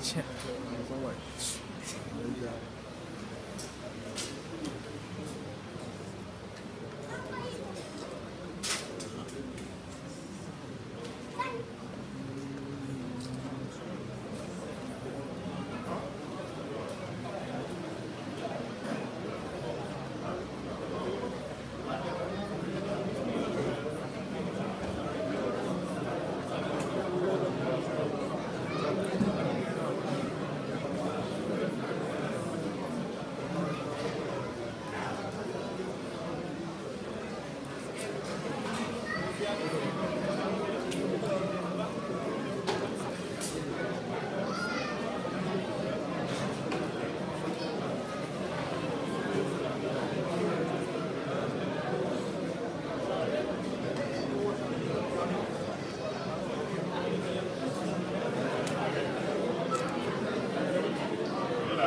切，还上外，等一下。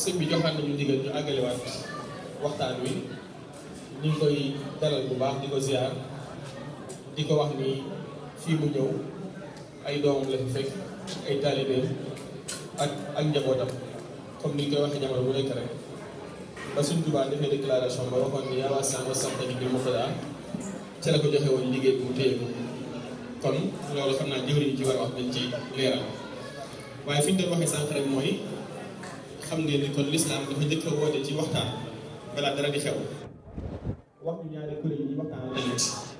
sëñ bi joxaat nañu ndigal ñu àggalewaat waxtaan wi ñu koy dalal bu baax di ko ziar di ko wax ni fii mu ñëw ay doomam la fi fekk ay taalibeem ak ak njabootam comme ni koy waxee jamono bu nekk rek ba suñ Tuubaa defee déclaration ba waxoon ni yàlla sàmm sant bi bi mu ko daal ca la ko joxe liggéey bu téye kon loolu xam naa jëwriñ ci war wax dañ ci leeral waaye fi ñu doon waxee sànq rek mooy. xam ngeen ni kon lislaam dafa njëkk a woote ci waxtaan balaa dara di xew wax ñu ñaari kuréel yi waxtaan la